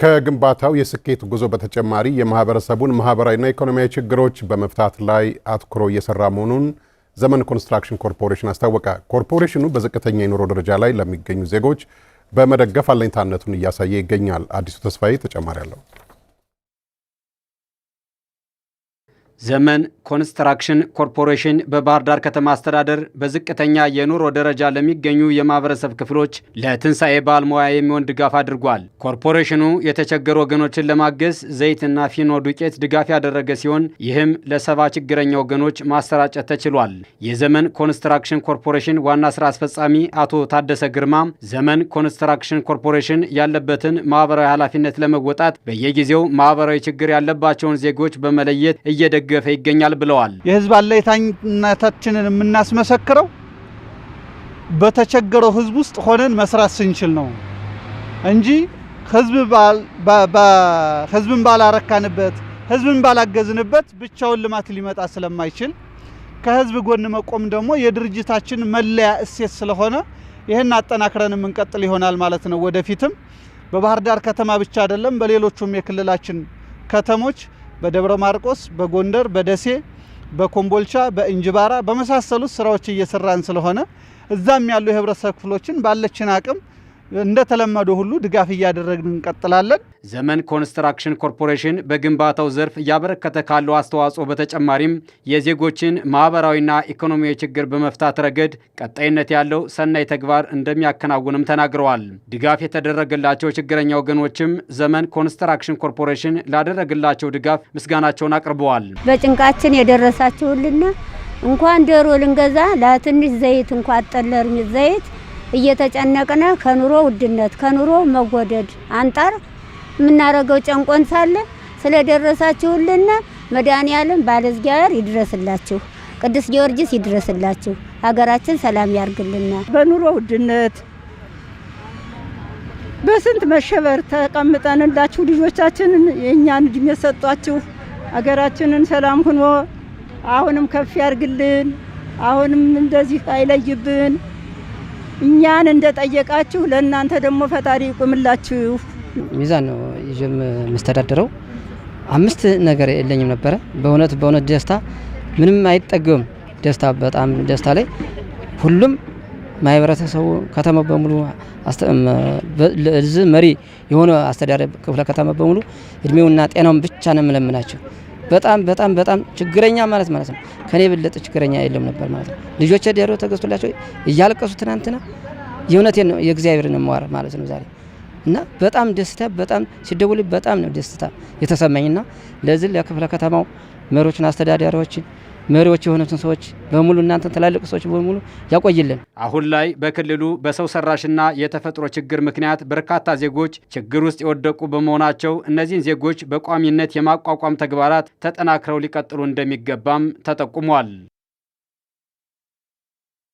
ከግንባታው የስኬት ጉዞ በተጨማሪ የማህበረሰቡን ማህበራዊና ኢኮኖሚያዊ ችግሮች በመፍታት ላይ አትኩሮ እየሰራ መሆኑን ዘመን ኮንስትራክሽን ኮርፖሬሽን አስታወቀ። ኮርፖሬሽኑ በዝቅተኛ የኑሮ ደረጃ ላይ ለሚገኙ ዜጎች በመደገፍ አለኝታነቱን እያሳየ ይገኛል። አዲሱ ተስፋዬ ተጨማሪ አለው። ዘመን ኮንስትራክሽን ኮርፖሬሽን በባህር ዳር ከተማ አስተዳደር በዝቅተኛ የኑሮ ደረጃ ለሚገኙ የማህበረሰብ ክፍሎች ለትንሣኤ በዓል ሙያ የሚሆን ድጋፍ አድርጓል። ኮርፖሬሽኑ የተቸገሩ ወገኖችን ለማገዝ ዘይትና ፊኖ ዱቄት ድጋፍ ያደረገ ሲሆን ይህም ለሰባ ችግረኛ ወገኖች ማሰራጨት ተችሏል። የዘመን ኮንስትራክሽን ኮርፖሬሽን ዋና ስራ አስፈጻሚ አቶ ታደሰ ግርማ ዘመን ኮንስትራክሽን ኮርፖሬሽን ያለበትን ማህበራዊ ኃላፊነት ለመወጣት በየጊዜው ማህበራዊ ችግር ያለባቸውን ዜጎች በመለየት እየደገ እየተደገፈ ይገኛል ብለዋል። የህዝብ አለኝታነታችንን የምናስመሰክረው በተቸገረው ህዝብ ውስጥ ሆነን መስራት ስንችል ነው እንጂ ህዝብን ባላረካንበት፣ ህዝብን ባላገዝንበት ብቻውን ልማት ሊመጣ ስለማይችል ከህዝብ ጎን መቆም ደግሞ የድርጅታችን መለያ እሴት ስለሆነ ይህን አጠናክረን የምንቀጥል ይሆናል ማለት ነው። ወደፊትም በባህር ዳር ከተማ ብቻ አይደለም፣ በሌሎቹም የክልላችን ከተሞች በደብረ ማርቆስ፣ በጎንደር፣ በደሴ፣ በኮምቦልቻ፣ በእንጅባራ በመሳሰሉት ስራዎች እየሰራን ስለሆነ እዛም ያሉ የህብረተሰብ ክፍሎችን ባለችን አቅም እንደተለመደ ሁሉ ድጋፍ እያደረግን እንቀጥላለን። ዘመን ኮንስትራክሽን ኮርፖሬሽን በግንባታው ዘርፍ እያበረከተ ካለው አስተዋጽኦ በተጨማሪም የዜጎችን ማህበራዊና ኢኮኖሚያዊ ችግር በመፍታት ረገድ ቀጣይነት ያለው ሰናይ ተግባር እንደሚያከናውንም ተናግረዋል። ድጋፍ የተደረገላቸው ችግረኛ ወገኖችም ዘመን ኮንስትራክሽን ኮርፖሬሽን ላደረገላቸው ድጋፍ ምስጋናቸውን አቅርበዋል። በጭንቃችን የደረሳችሁልና እንኳን ዶሮ ልንገዛ ለትንሽ ዘይት እንኳ አጠለርኝ ዘይት እየተጨነቅነ ከኑሮ ውድነት ከኑሮ መወደድ አንጣር የምናደርገው ጨንቆን ሳለ ስለደረሳችሁልን መድኃኔዓለም ባለእግዚአብሔር ይድረስላችሁ፣ ቅዱስ ጊዮርጊስ ይድረስላችሁ፣ ሀገራችን ሰላም ያርግልና። በኑሮ ውድነት በስንት መሸበር ተቀምጠንላችሁ ልጆቻችንን የእኛን እድሜ ሰጧችሁ። ሀገራችንን ሰላም ሁኖ አሁንም ከፍ ያርግልን፣ አሁንም እንደዚህ አይለይብን። እኛን እንደጠየቃችሁ ለእናንተ ደግሞ ፈጣሪ ይቁምላችሁ። ሚዛን ነው ይዤ የምስተዳደረው። አምስት ነገር የለኝም ነበረ። በእውነት በእውነት ደስታ ምንም አይጠገም። ደስታ በጣም ደስታ ላይ ሁሉም ማህበረተሰቡ ከተማ በሙሉ እዝ መሪ የሆነ አስተዳደር ክፍለ ከተማ በሙሉ እድሜውና ጤናውን ብቻ ነው የምለምናቸው። በጣም በጣም በጣም ችግረኛ ማለት ማለት ነው። ከኔ የበለጠ ችግረኛ የለም ነበር ማለት ነው። ልጆቼ ዶሮ ተገዝቶላቸው እያለቀሱ ትናንትና፣ የእውነቴን ነው የእግዚአብሔር ነው ማለት ነው ዛሬ እና በጣም ደስታ በጣም ሲደውል በጣም ነው ደስታ የተሰማኝና ለዚህ ለክፍለ ከተማው መሪዎችን አስተዳዳሪዎችን መሪዎች የሆኑትን ሰዎች በሙሉ እናንተ ትላልቅ ሰዎች በሙሉ ያቆይልን። አሁን ላይ በክልሉ በሰው ሰራሽና የተፈጥሮ ችግር ምክንያት በርካታ ዜጎች ችግር ውስጥ የወደቁ በመሆናቸው እነዚህን ዜጎች በቋሚነት የማቋቋም ተግባራት ተጠናክረው ሊቀጥሉ እንደሚገባም ተጠቁሟል።